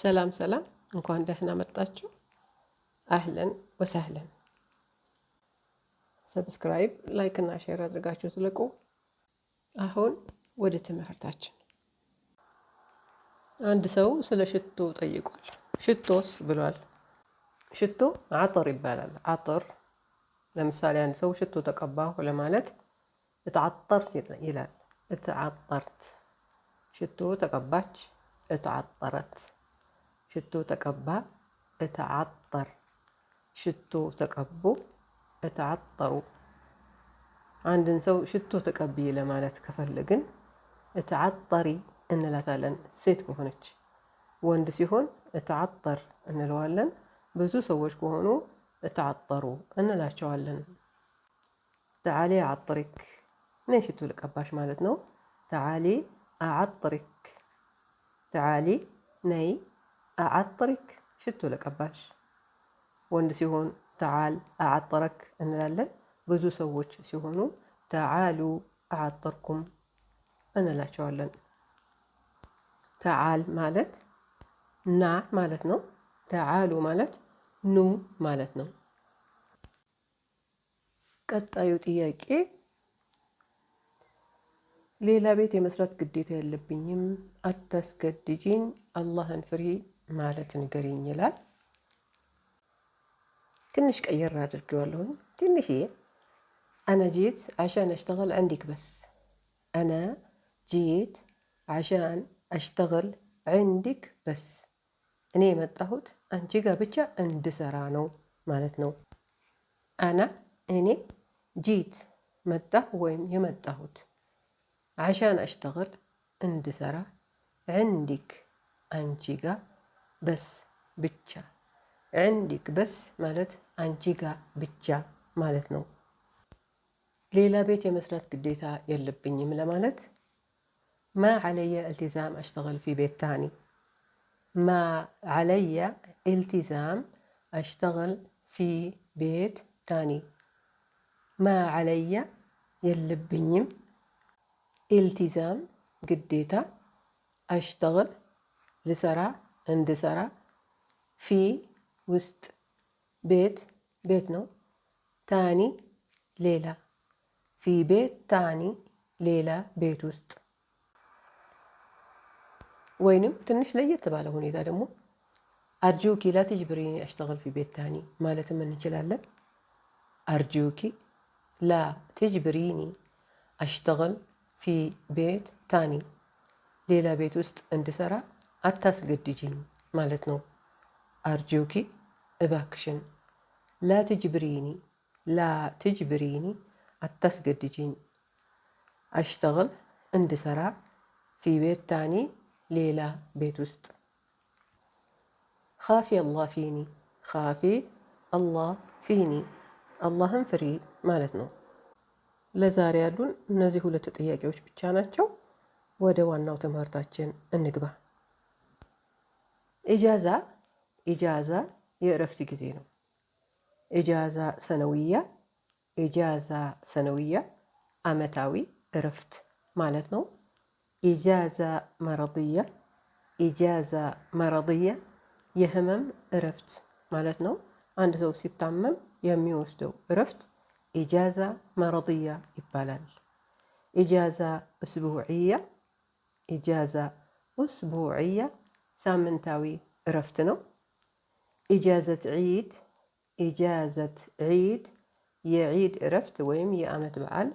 ሰላም ሰላም፣ እንኳን ደህና መጣችሁ። አህለን ወሰህለን። ሰብስክራይብ፣ ላይክ እና ሼር አድርጋችሁ ትልቁ። አሁን ወደ ትምህርታችን። አንድ ሰው ስለ ሽቶ ጠይቋል። ሽቶስ ብሏል። ሽቶ አጥር ይባላል። አጥር ለምሳሌ አንድ ሰው ሽቶ ተቀባሁ ለማለት እተዓጠርት ይላል። እተዓጠርት፣ ሽቶ ተቀባች፣ እተዓጠረት ሽቶ ተቀባ እተዓጠር ሽቶ ተቀቡ እተዓጠሩ። አንድን ሰው ሽቶ ተቀብዬ ለማለት ከፈለግን እተዓጠሪ እንላታለን፣ ሴት ከሆነች። ወንድ ሲሆን እተዓጠር እንለዋለን። ብዙ ሰዎች ከሆኑ እተዓጠሩ እንላቸዋለን። ተዓሌ አዓጥሪክ እኔ ሽቶ ልቀባሽ ማለት ነው። ተዓሌ አዓጥሪክ ተዓሌ ነይ አዓጥሪክ ሽቶ ለቀባሽ ወንድ ሲሆን ተዓል አዓጠረክ እንላለን። ብዙ ሰዎች ሲሆኑ ተዓሉ አዓጠርኩም እንላቸዋለን። ተዓል ማለት ና ማለት ነው። ተዓሉ ማለት ኑ ማለት ነው። ቀጣዩ ጥያቄ ሌላ ቤት የመስራት ግዴታ የለብኝም፣ አታስገድጂኝ፣ አላህን ፍሪ ማለት ንገሪኝ ይላል። ትንሽ ቀየር አድርጌዋለሁ ትንሽ አነ ጂት አሻን አሽተገል عندك በስ አነ ጂት አሻን አሽተገል عندك በስ እኔ የመጣሁት አንቺ ጋር ብቻ እንድሰራ ነው ማለት ነው። አና እኔ ጂት መጣሁ ወይም የመጣሁት አሻን አሽተገል እንድሰራ عندك አንቺ ጋር بس بتشا عندك بس مالت انجيغا بتشا مالت نو ليلى بيت مسرات قديتا يلبني ملا مالت ما علي التزام اشتغل في بيت تاني ما علي التزام اشتغل في بيت تاني ما علي يلبني التزام قديتا اشتغل لسرعه እንድሰራ ፊ ውስጥ ቤት ቤት ነው። ታኒ ሌላ ፊ ቤት ታኒ ሌላ ቤት ውስጥ ወይንም ትንሽ ለየት ባለ ሁኔታ ደግሞ አርጂውኪ ላትጅብሪኒ አሽተግል ፊ ቤት ታኒ ማለትም እንችላለን። አርጂውኪ ላ ትጅብሪኒ አሽተግል ፊ ቤት ታኒ ሌላ ቤት ውስጥ እንድሰራ አታስገድጅኝ ማለት ነው። አርጆኪ እባክሽን፣ ላትጅብሪኒ ላትጅብሪኒ አታስገድጅኝ። አሽተግል እንድሰራ ፊ ቤት ታኒ ሌላ ቤት ውስጥ ካፊ አላህ ፊኒ ካፊ አላህ ፊኒ አላህን ፍሪ ማለት ነው። ለዛሬ ያሉን እነዚህ ሁለት ጥያቄዎች ብቻ ናቸው። ወደ ዋናው ትምህርታችን እንግባ። ኢጃዛ ኢጃዛ የእረፍት ጊዜ ነው። ኢጃዛ ሰነውያ ኢጃዛ ሰነውያ አመታዊ እረፍት ማለት ነው። ኢጃዛ መረድያ ኢጃዛ መረድያ የህመም እረፍት ማለት ነው። አንድ ሰው ሲታመም የሚወስደው እረፍት ኢጃዛ መረድያ ይባላል። ኢጃዛ እስቡዕያ ኢጃዛ እስቡዕያ ሳምንታዊ እረፍት ነው። ኢጃዘት ዒድ ኢጃዘት ዒድ የዒድ እረፍት ወይም የዓመት በዓል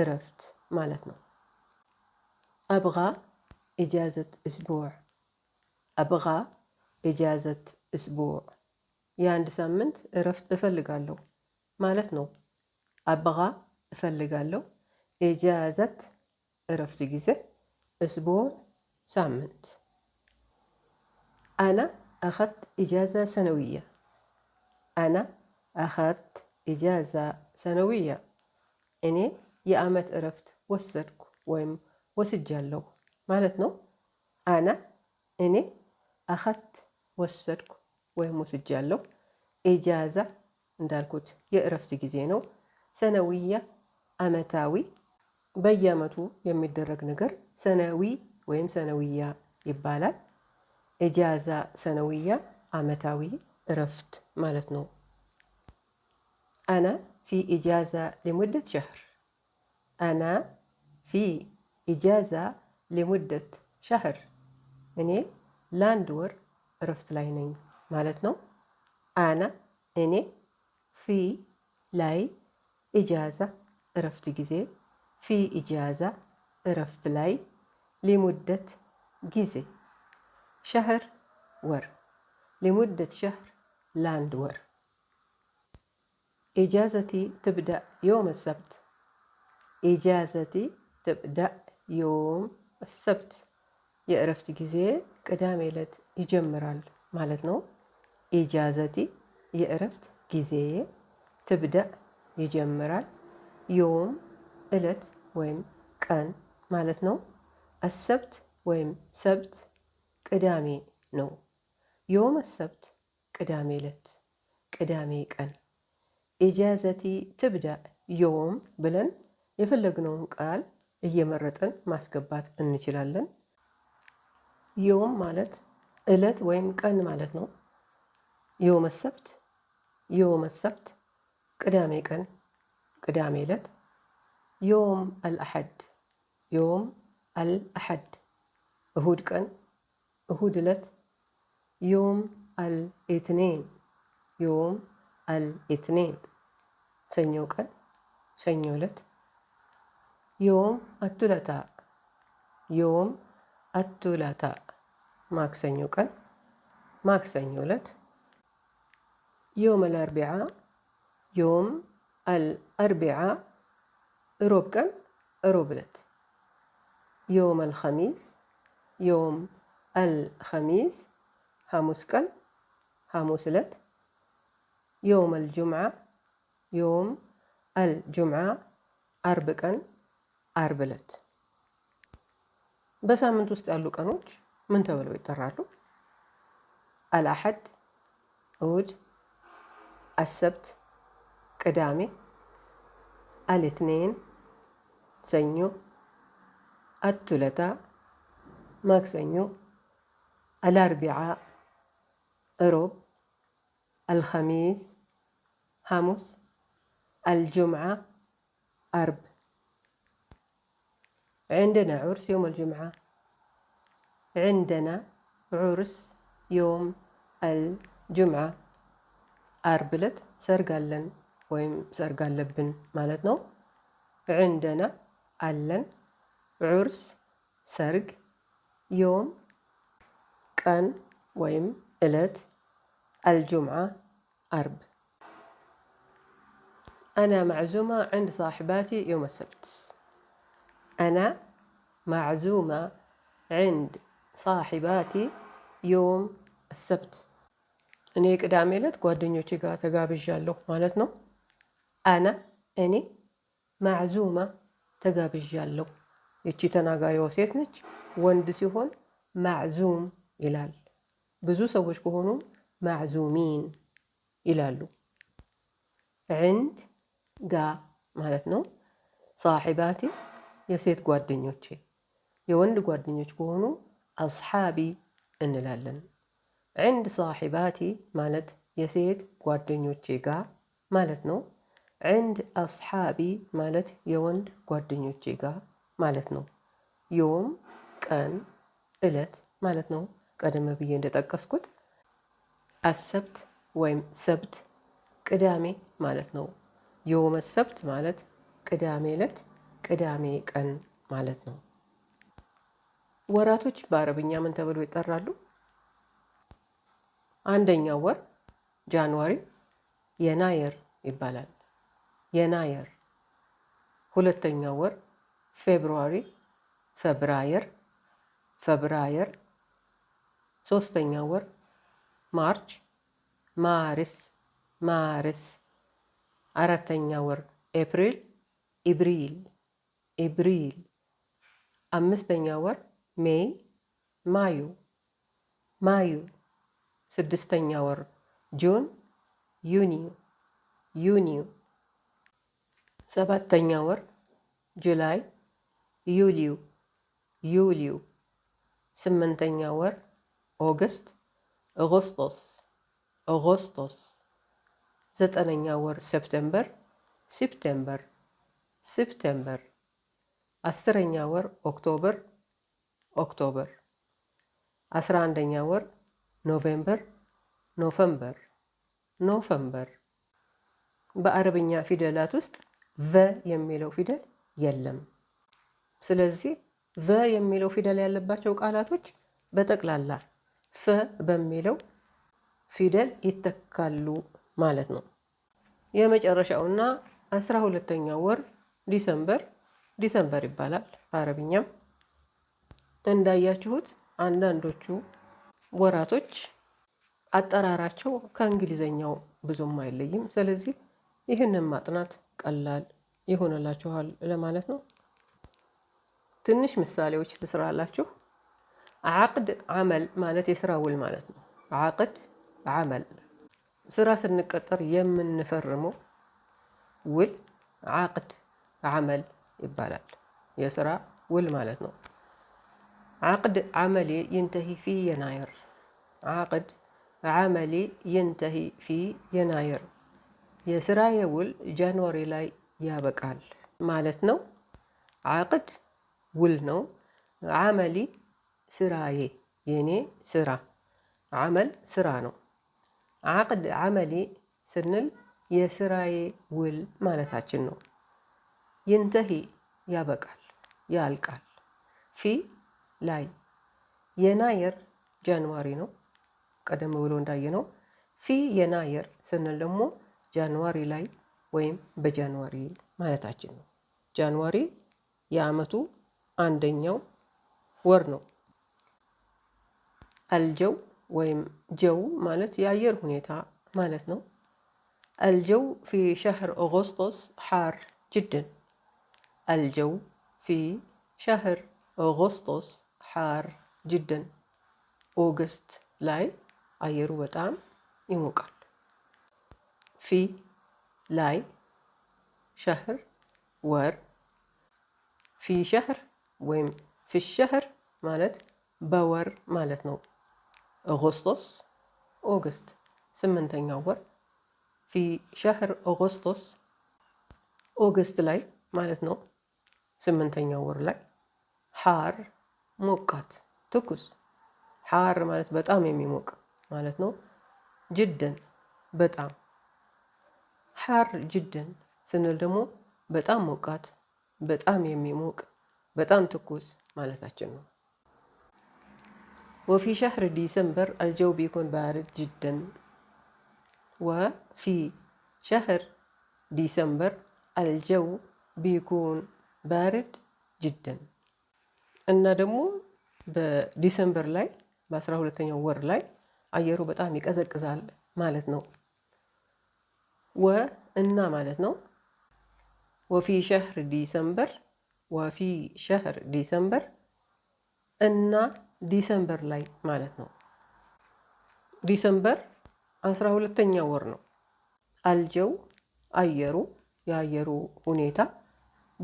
እረፍት ማለት ነው። አብጋ ኢጃዘት እስቡዕ አብጋ ኢጃዘት እስቡዕ የአንድ ሳምንት እረፍት እፈልጋለሁ ማለት ነው። አብጋ እፈልጋለሁ። ኢጃዘት እረፍት ጊዜ፣ እስቡዕ ሳምንት አና أخذت ኢጃዛ سنوية አና أخذت ኢጃዛ ሰነውያ እኔ የአመት እረፍት ወሰድኩ ወይም ወስጃለሁ ማለት ነው። አና እኔ አኸት ወሰድኩ ወይም ወስጃለሁ። ኢጃዛ እንዳልኩት የእረፍት ጊዜ ነው። ሰነዊያ አመታዊ፣ በየአመቱ የሚደረግ ነገር ሰነዊ ወይም ሰነዊያ ይባላል። ኢጃዛ ሰነውያ አመታዊ እረፍት ማለት ነው። አና ፊ እጃዛ ሊሙደት ሸህር አና ፊ ኢጃዛ ሊሙደት ሻህር እኔ ለአንድ ወር እረፍት ላይ ነኝ ማለት ነው። አና እኔ ፊ ላይ ኢጃዛ እረፍት ጊዜ ፊ ኢጃዛ እረፍት ላይ ሊሙደት ጊዜ ሸህር ወር لمدة شهر لاند ወር ኢጃዘቲ ትብዳእ ዮም ሰብት ኢጃዘቲ ትብዳእ ዮም ሰብት የእረፍት ጊዜ ቅዳሜ ዕለት ይጀምራል ማለት ነው። ኢጃዘቲ የእረፍት ጊዜ ትብዳእ ይጀምራል ዮም ዕለት ወይም ቀን ማለት ነው። አሰብት ወይም ሰብት ቅዳሜ ነው። የወመ ሰብት ቅዳሜ ዕለት ቅዳሜ ቀን ኢጃዘቲ ትብዳ ዮም ብለን የፈለግነውን ቃል እየመረጥን ማስገባት እንችላለን። የወም ማለት ዕለት ወይም ቀን ማለት ነው። የወመ ሰብት የወመ ሰብት ቅዳሜ ቀን ቅዳሜ ዕለት የወም አልአሐድ የወም አልአሐድ እሁድ ቀን هدلت يوم الاثنين يوم الاثنين سنيوكل سنيولت يوم الثلاثاء يوم الثلاثاء ماك سنيوكل ماك سنيولت يوم الأربعاء يوم الأربعاء روبكن روبلت يوم الخميس يوم አልኸሚስ ሐሙስ ቀን ሐሙስ ዕለት ዮውም አልጁምዓ ዮውም አልጁምዓ አርብ ቀን አርብ ዕለት። በሳምንት ውስጥ ያሉ ቀኖች ምን ተብለው ይጠራሉ? አልአሐድ እሁድ፣ አሰብት ቅዳሜ፣ አልትኔን ሰኞ፣ አቱለታ ማክሰኞ الأربعاء رب الخميس خمس الجمعة أرب عندنا عرس يوم الجمعة عندنا عرس يوم الجمعة أربلت سرقلن ويم سرقلبن مالتنا عندنا ألن عرس سرق يوم كان ويم إلت الجمعة أرب أنا معزومة عند صاحباتي يوم السبت أنا معزومة عند صاحباتي يوم السبت أني قدام إلت قوادينيو تيغا تقابي جالو مالتنا أنا أني معزومة تقابي جالو يتشي تناغاري وسيتنج وندسي معزوم ይላል። ብዙ ሰዎች ከሆኑም ማዕዙሚን ይላሉ። ዕንድ ጋ ማለት ነው። ሳሒባቲ የሴት ጓደኞቼ፣ የወንድ ጓደኞች ከሆኑ አስሓቢ እንላለን። ዕንድ ሳሒባቲ ማለት የሴት ጓደኞቼ ጋ ማለት ነው። ዕንድ አስሓቢ ማለት የወንድ ጓደኞቼ ጋ ማለት ነው። ዮም ቀን፣ እለት ማለት ነው። ቀደም ብዬ እንደጠቀስኩት አሰብት ወይም ሰብት ቅዳሜ ማለት ነው። የወመ ሰብት ማለት ቅዳሜ ዕለት፣ ቅዳሜ ቀን ማለት ነው። ወራቶች በአረብኛ ምን ተብሎ ይጠራሉ? አንደኛው ወር ጃንዋሪ የናየር ይባላል። የናየር ሁለተኛው ወር ፌብሩዋሪ፣ ፈብራየር፣ ፈብራየር ሶስተኛ ወር ማርች ማርስ ማርስ። አራተኛ ወር ኤፕሪል ኢብሪል ኢብሪል። አምስተኛ ወር ሜይ ማዩ ማዩ። ስድስተኛ ወር ጁን ዩኒ ዩኒ ሰባተኛ ወር ጁላይ ዩሊዩ ዩሊዩ። ስምንተኛ ወር ኦገስት ኦጎስጦስ ኦጎስጦስ ዘጠነኛ ወር ሴፕቴምበር ሴፕቴምበር ሴፕቴምበር አስረኛ ወር ኦክቶበር ኦክቶበር አስራ አንደኛ ወር ኖቬምበር ኖቨምበር ኖቨምበር በአረብኛ ፊደላት ውስጥ ቨ የሚለው ፊደል የለም። ስለዚህ ቨ የሚለው ፊደል ያለባቸው ቃላቶች በጠቅላላ ፈ በሚለው ፊደል ይተካሉ ማለት ነው። የመጨረሻውና አስራ ሁለተኛው ወር ዲሰምበር ዲሰምበር ይባላል በአረብኛም። እንዳያችሁት አንዳንዶቹ ወራቶች አጠራራቸው ከእንግሊዘኛው ብዙም አይለይም። ስለዚህ ይህንን ማጥናት ቀላል ይሆንላችኋል ለማለት ነው። ትንሽ ምሳሌዎች ልስራላችሁ። ዓቅድ ዓመል ማለት የስራ ውል ማለት ነው። ዓቅድ ዓመል ስራ ስንቀጠር የምንፈርመው ውል ዓቅድ ዓመል ይባላል። የስራ ውል ማለት ነው። ዓቅድ ዓመሌ ይንተሂ ፊ የናየር ዓቅድ ዓመሌ ይንተሂ ፊ የናየር የስራዬ ውል ጃንዋሪ ላይ ያበቃል ማለት ነው። ዓቅድ ውል ነው። ዓመሊ ስራዬ የኔ ስራ አመል ስራ ነው። አቅድ አመሌ ስንል የስራዬ ውል ማለታችን ነው። ይንተሂ ያበቃል፣ ያልቃል። ፊ ላይ የናየር ጃንዋሪ ነው። ቀደም ብሎ ነው ፊ የናየር ስንል ደግሞ ጃንዋሪ ላይ ወይም በጃንዋሪ ማለታችን ነው። ጃንዋሪ የአመቱ አንደኛው ወር ነው። الجو ويم جو مالت يعير هنيتا مالتنا الجو في شهر أغسطس حار جدا الجو في شهر أغسطس حار جدا أوغست لاي أير وتام يمكن في لاي شهر ور في شهر ويم في الشهر مالت باور مالت نو አጎስጦስ ኦገስት ስምንተኛው ወር ፊ ሸህር አጎስጦስ ኦገስት ላይ ማለት ነው። ስምንተኛው ወር ላይ ሐር ሞቃት ትኩስ ሐር ማለት በጣም የሚሞቅ ማለት ነው። ጅደን በጣም ሐር ጅደን ስንል ደግሞ በጣም ሞቃት፣ በጣም የሚሞቅ፣ በጣም ትኩስ ማለታችን ነው። وفي شهر ديسمبر الجو بيكون بارد جدا وفي شهر ديسمبر الجو بيكون بارد جدا أنا دمو بديسمبر لاي بس راهو لتنيا ور لاي عيرو بتعمي كزل كزال مالت و أنا مالت نو وفي شهر ديسمبر وفي شهر ديسمبر أنا ዲሰምበር ላይ ማለት ነው። ዲሰምበር አስራ ሁለተኛ ወር ነው። አልጀው አየሩ የአየሩ ሁኔታ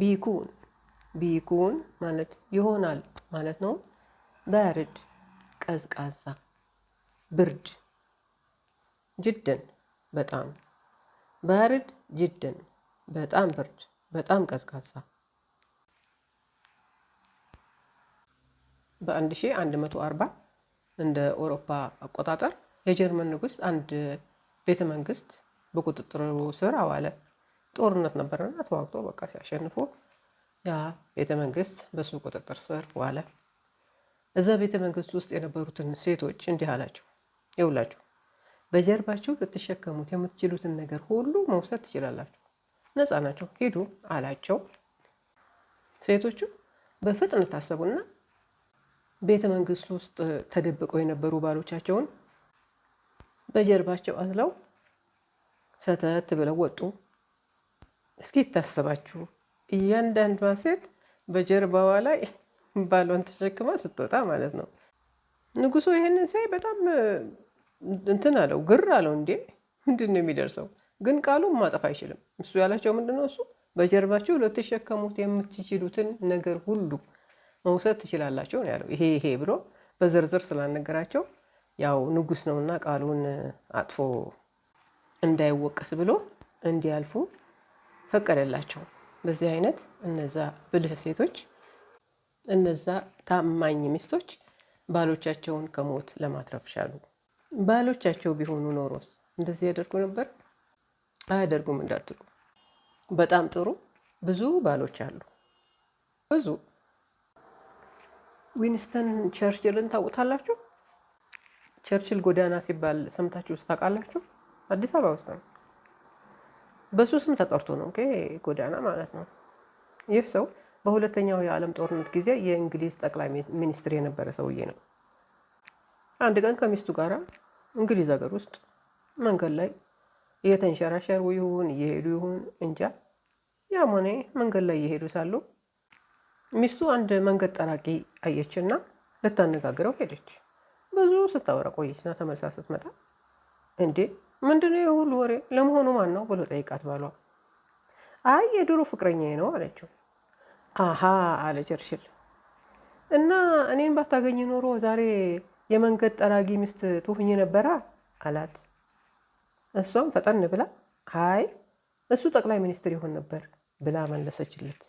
ቢኩን ቢኩን ማለት ይሆናል ማለት ነው። በርድ ቀዝቃዛ ብርድ ጅድን በጣም በርድ ጅድን በጣም ብርድ በጣም ቀዝቃዛ በ1140 እንደ አውሮፓ አቆጣጠር የጀርመን ንጉስ አንድ ቤተ መንግስት በቁጥጥሩ ስር አዋለ። ጦርነት ነበረና ተዋግቶ በቃ ሲያሸንፉ ያ ቤተ መንግስት በሱ ቁጥጥር ስር ዋለ። እዛ ቤተ መንግስት ውስጥ የነበሩትን ሴቶች እንዲህ አላቸው፣ ይውላችሁ በጀርባችሁ ልትሸከሙት የምትችሉትን ነገር ሁሉ መውሰድ ትችላላችሁ፣ ነፃ ናቸው፣ ሂዱ አላቸው። ሴቶቹ በፍጥነት ታሰቡና ቤተ መንግስት ውስጥ ተደብቀው የነበሩ ባሎቻቸውን በጀርባቸው አዝለው ሰተት ብለው ወጡ። እስኪ ታሰባችሁ እያንዳንዷ ሴት በጀርባዋ ላይ ባሏን ተሸክማ ስትወጣ ማለት ነው። ንጉሱ ይህንን ሳይ በጣም እንትን አለው፣ ግር አለው። እንዴ ምንድን ነው የሚደርሰው? ግን ቃሉን ማጠፍ አይችልም። እሱ ያላቸው ምንድነው? እሱ በጀርባችሁ ልትሸከሙት የምትችሉትን ነገር ሁሉ መውሰድ ትችላላቸው ያለው። ይሄ ይሄ ብሎ በዝርዝር ስላነገራቸው ያው ንጉስ ነውና ቃሉን አጥፎ እንዳይወቀስ ብሎ እንዲያልፉ ፈቀደላቸው። በዚህ አይነት እነዛ ብልህ ሴቶች እነዛ ታማኝ ሚስቶች ባሎቻቸውን ከሞት ለማትረፍ ሻሉ። ባሎቻቸው ቢሆኑ ኖሮስ እንደዚህ ያደርጉ ነበር? አያደርጉም እንዳትሉ፣ በጣም ጥሩ ብዙ ባሎች አሉ ብዙ ዊንስተን ቸርችልን ታውቁታላችሁ? ቸርችል ጎዳና ሲባል ሰምታችሁ ውስጥ ታውቃላችሁ? አዲስ አበባ ውስጥ ነው። በሱ ስም ተጠርቶ ነው ጎዳና ማለት ነው። ይህ ሰው በሁለተኛው የዓለም ጦርነት ጊዜ የእንግሊዝ ጠቅላይ ሚኒስትር የነበረ ሰውዬ ነው። አንድ ቀን ከሚስቱ ጋር እንግሊዝ ሀገር ውስጥ መንገድ ላይ እየተንሸራሸሩ ይሁን እየሄዱ ይሁን እንጃ፣ ያም ሆነ መንገድ ላይ እየሄዱ ሳሉ ሚስቱ አንድ መንገድ ጠራቂ አየችና ልታነጋግረው ሄደች። ብዙ ስታወራ ቆየችና ተመልሳ ስትመጣ እንዴ ምንድነው የሁሉ ወሬ ለመሆኑ ማን ነው ብሎ ጠይቃት ባሏ። አይ የድሮ ፍቅረኛ ነው አለችው። አሃ አለ ቸርችል። እና እኔን ባታገኝ ኖሮ ዛሬ የመንገድ ጠራጊ ሚስት ትሁኝ ነበራ አላት። እሷም ፈጠን ብላ አይ እሱ ጠቅላይ ሚኒስትር ይሆን ነበር ብላ መለሰችለት።